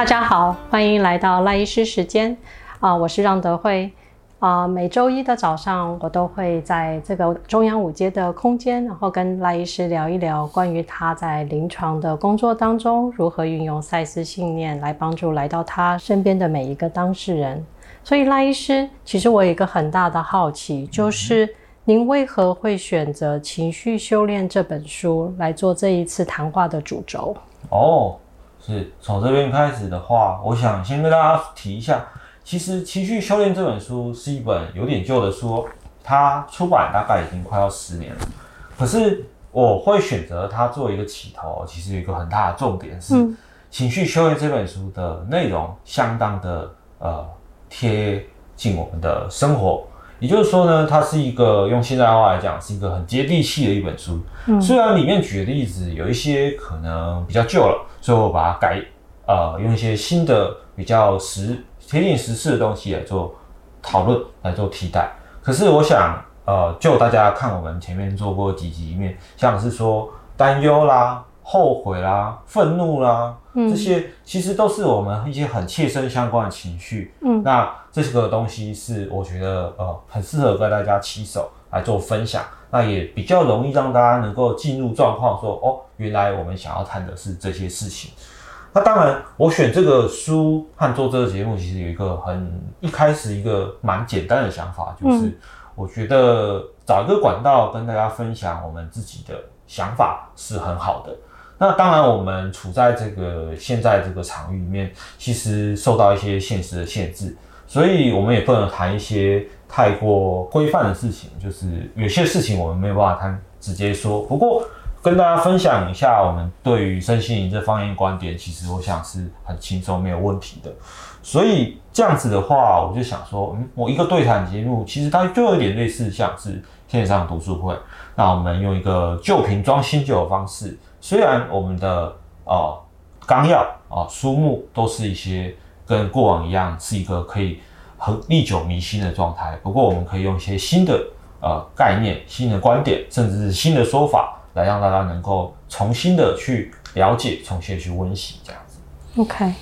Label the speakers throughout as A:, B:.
A: 大家好，歡迎來到賴醫師時間。啊、呃，我是讓德惠。啊、呃，每周一的早上，我都會在這個中央五街的空間，然後跟賴醫師聊一聊關於他在臨床的工作當中，如何運用賽斯信念來幫助來到他身邊的每一個當事人。所以，賴醫師，其實我有一個很大的好奇，就是您為何會選擇《情緒修練》這本書來做這一次談話的主軸？
B: 哦。Oh. 是從這邊開始的話，我想先跟大家提一下，其實《情緒修練》這本書是一本有點舊的書，它出版大概已經快要十年了。可是我會選擇它做一個起頭，其實有一個很大的重點是，嗯，《情緒修練》這本書的內容相當的呃、貼近我們的生活。也就是說呢，它是一個用現代話來講，是一個很接地氣的一本書。嗯，雖然裡面舉的例子有一些可能比較舊了，所以我把它改，呃，用一些新的、比較時、貼近時事的東西來做討論，來做替代。可是我想，呃，就大家看我們前面做過幾集裡面，像是說擔憂啦。後悔啦，憤怒啦，這些其實都是我們一些很切身相關的情緒。嗯，那這個東西是我覺得呃很適合跟大家起手來做分享，那也比較容易讓大家能夠進入狀況，說哦，原來我們想要談的是這些事情。那當然，我選這個書和做這個節目，其實有一個很一開始一個蠻簡單的想法，就是我覺得找一個管道跟大家分享我們自己的想法是很好的。那當然，我們處在這個現在這個場域裡面，其實受到一些現實的限制，所以我們也不能談一些太過規範的事情。就是有些事情我們沒有辦法談直接說。不過跟大家分享一下，我們對於身心靈這方面的觀點，其實我想是很輕鬆沒有問題的。所以這樣子的話，我就想說，嗯，我一個對談節目，其實它就有一點類似像是線上讀書會。那我們用一個舊瓶裝新酒的方式。雖然我們的啊綱要啊書目都是一些跟過往一樣是一個可以很歷久彌新的狀態，不過我們可以用一些新的呃概念、新的觀點，甚至是新的說法，來讓大家能夠重新的去了解、重新的去溫習這樣
A: 子。OK，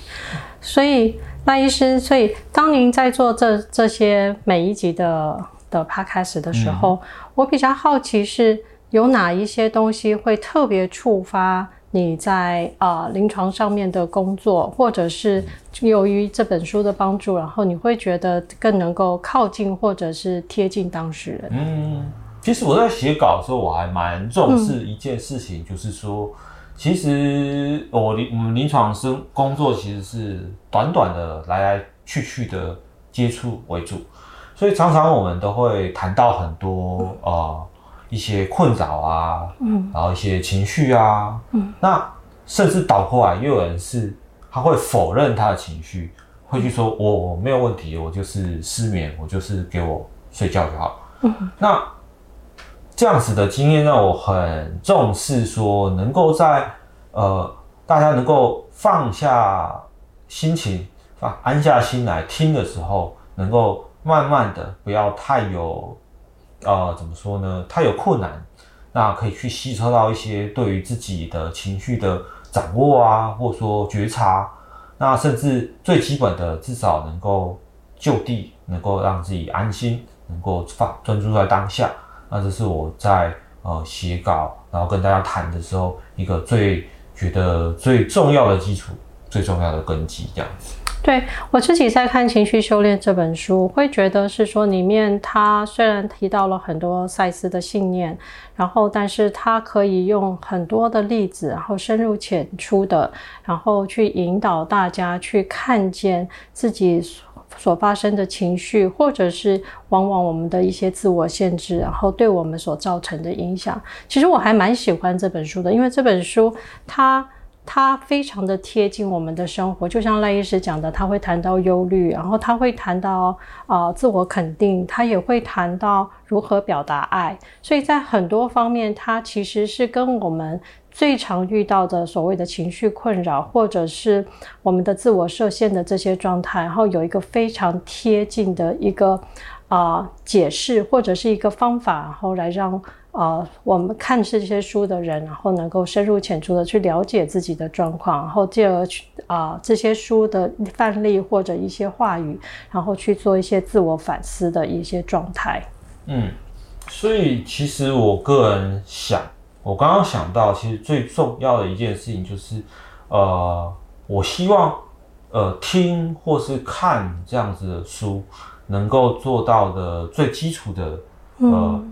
A: 所以賴醫師，所以當您在做這這些每一集的的 Podcast 的時候，嗯、我比較好奇是。有哪一些東西會特別觸發你在啊呃、臨床上面的工作，或者是由於這本書的幫助，然後你會覺得更能夠靠近或者是貼近當事人？
B: 嗯，其實我在寫稿的時候，我還蠻重視一件事情，就是說，嗯、其實我臨我們臨床生工作其實是短短的來來去去的接觸為主，所以常常我們都會談到很多啊。嗯呃一些困擾啊，嗯，然後一些情緒啊，嗯，那甚至倒過來，又有人是他會否認他的情緒，會去說：“我我沒有問題，我就是失眠，我就是給我睡覺就好。”嗯，那這樣子的經驗讓我很重視，說能夠在呃大家能夠放下心情，放安下心來聽的時候，能夠慢慢的不要太有。呃，怎麼說呢？他有困難，那可以去吸收到一些對於自己的情緒的掌握啊，或者說覺察，那甚至最基本的，至少能夠就地能夠讓自己安心，能夠放專注在當下。那這是我在呃寫稿，然後跟大家談的時候一個最覺得最重要的基礎、最重要的根基這樣子。
A: 對，我自己在看《情緒修煉》這本書，會覺得是說裡面它雖然提到了很多賽斯的信念，然後，但是它可以用很多的例子，然後深入淺出的，然後去引導大家去看見自己所，所發生的情緒，或者是往往我們的一些自我限制，然後對我們所造成的影響。其實我還蠻喜歡這本書的，因為這本書它。它非常的貼近我們的生活，就像賴醫師講的，他會談到憂慮，然後他會談到啊、呃、自我肯定，他也會談到如何表達愛，所以在很多方面，他其實是跟我們最常遇到的所謂的情緒困擾，或者是我們的自我設限的這些狀態，然後有一個非常貼近的一個啊、呃、解釋或者是一個方法，然後來讓。呃，我們看這些書的人，然後能夠深入淺出的去了解自己的狀況，然後進而去啊、呃，這些書的範例或者一些話語，然後去做一些自我反思的一些狀態。
B: 嗯，所以其實我個人想，我剛剛想到，其實最重要的一件事情就是，呃，我希望呃聽或是看這樣子的書，能夠做到的最基礎的、嗯、呃。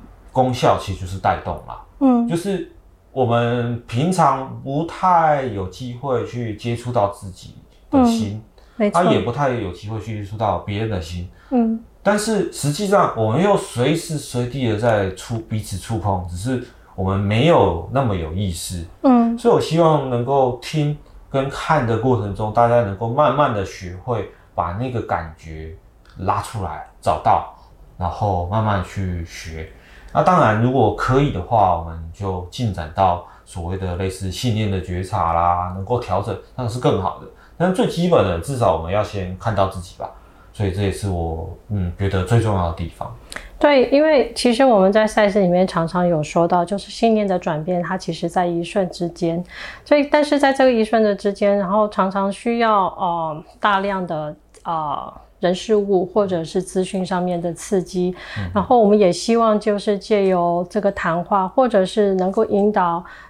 B: 功效其實就是帶動嘛，嗯，就是我們平常不太有機會去接觸到自己
A: 的心，嗯啊、沒錯，他也不
B: 太有機會去接觸到別人的心，嗯，但是實際上我們又隨時隨地的在觸彼此觸碰，只是我們沒有那麼有意識，嗯，所以我希望能夠聽跟看的過程中，大家能夠慢慢的學會把那個感覺拉出來，找到，然後慢慢去學。那當然，如果可以的話，我們就進展到所謂的類似信念的覺察啦，能夠調整，那是更好的。但最基本的，至少我們要先看到自己吧。所以這也是我，嗯，覺得最重要的地方。
A: 對，因為其實我們在賽事裡面常常有說到，就是信念的轉變，它其實在一瞬之間。所以，但是在這個一瞬的之間，然後常常需要，呃，大量的呃。人事物或者是資訊上面的刺激，然後我們也希望就是借由這個談話，或者是能夠引導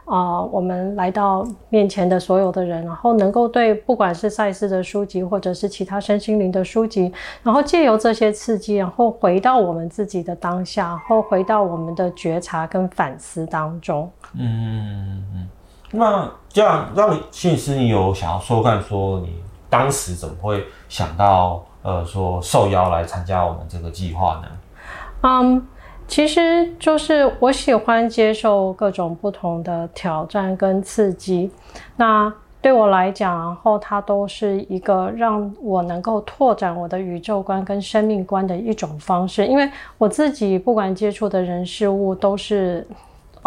A: 啊、呃，我們來到面前的所有的人，然後能夠對不管是賽斯的書籍，或者是其他身心靈的書籍，然後借由這些刺激，然後回到我們自己的當下，然後回到我們的覺察跟反思當中。
B: 嗯嗯嗯，那這樣讓德惠，你有想要說看，說你當時怎麼會想到？呃，說受邀來參加我們這個計劃呢？嗯
A: ，um, 其實就是我喜歡接受各種不同的挑戰跟刺激。那對我來講，然後它都是一個讓我能夠拓展我的宇宙觀跟生命觀的一種方式。因為我自己不管接觸的人事物都是。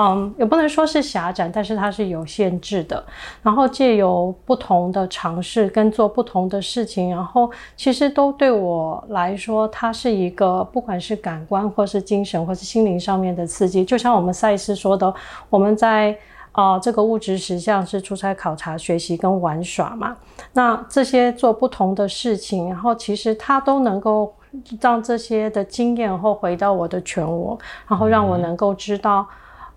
A: 嗯，也、um, 不能說是狹窄，但是它是有限制的。然後借由不同的嘗試跟做不同的事情，然後其實都對我來說，它是一個不管是感官或是精神或是心靈上面的刺激。就像我們賽斯說的，我們在啊、呃、這個物質實相是出差考察、學習跟玩耍嘛。那這些做不同的事情，然後其實它都能夠讓這些的經驗後回到我的全我，然後讓我能夠知道。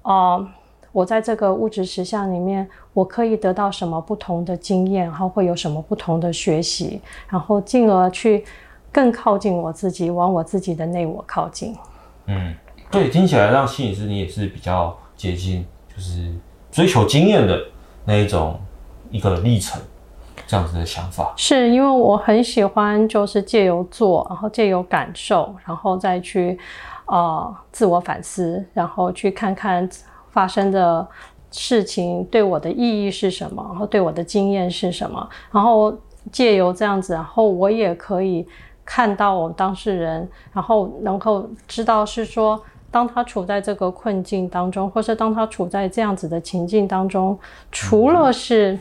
A: 啊、呃，我在這個物質實相裡面，我可以得到什麼不同的經驗，然後會有什麼不同的學習，然後進而去更靠近我自己，往我自己的內我靠近。嗯，
B: 對，對。聽起來讓心理師你也是比較接近，就是追求經驗的那一種一個歷程，這樣子的想法。
A: 是因為我很喜歡，就是借由做，然後借由感受，然後再去。啊、呃，自我反思，然後去看看發生的事情對我的意義是什麼，然後對我的經驗是什麼，然後借由這樣子，然後我也可以看到我當事人，然後能夠知道是說，當他處在這個困境當中，或是當他處在這樣子的情境當中，除了是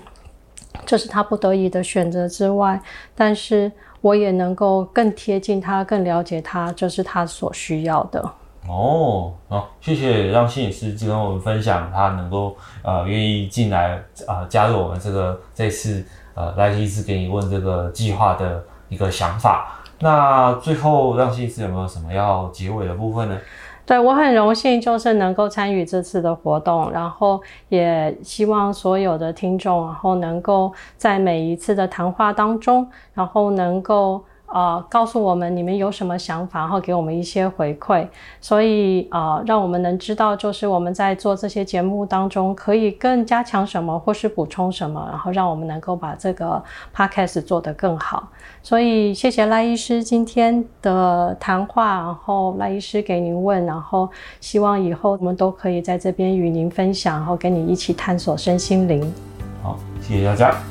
A: 這是他不得已的選擇之外，但是。我也能夠更貼近他，更了解他，就是他所需要的。
B: 哦，好、啊，謝謝讓心理師跟我們分享，他能夠啊、呃、願意進來啊、呃、加入我們這個這次呃賴醫師給你問這個計劃的一個想法。那最後讓心理師有沒有什麼要結尾的部分呢？
A: 對，我很榮幸就是能夠參與這次的活動，然後也希望所有的聽眾，然後能夠在每一次的談話當中，然後能夠。啊、呃，告訴我們你們有什麼想法，然後給我們一些回饋，所以啊、呃，讓我們能知道，就是我們在做這些節目當中，可以更加強什麼，或是補充什麼，然後讓我們能夠把這個 podcast 做得更好。所以謝謝賴醫師今天的談話，然後賴醫師給您問，然後希望以後我們都可以在這邊與您分享，然後跟你一起探索身心靈。
B: 好，謝謝大家。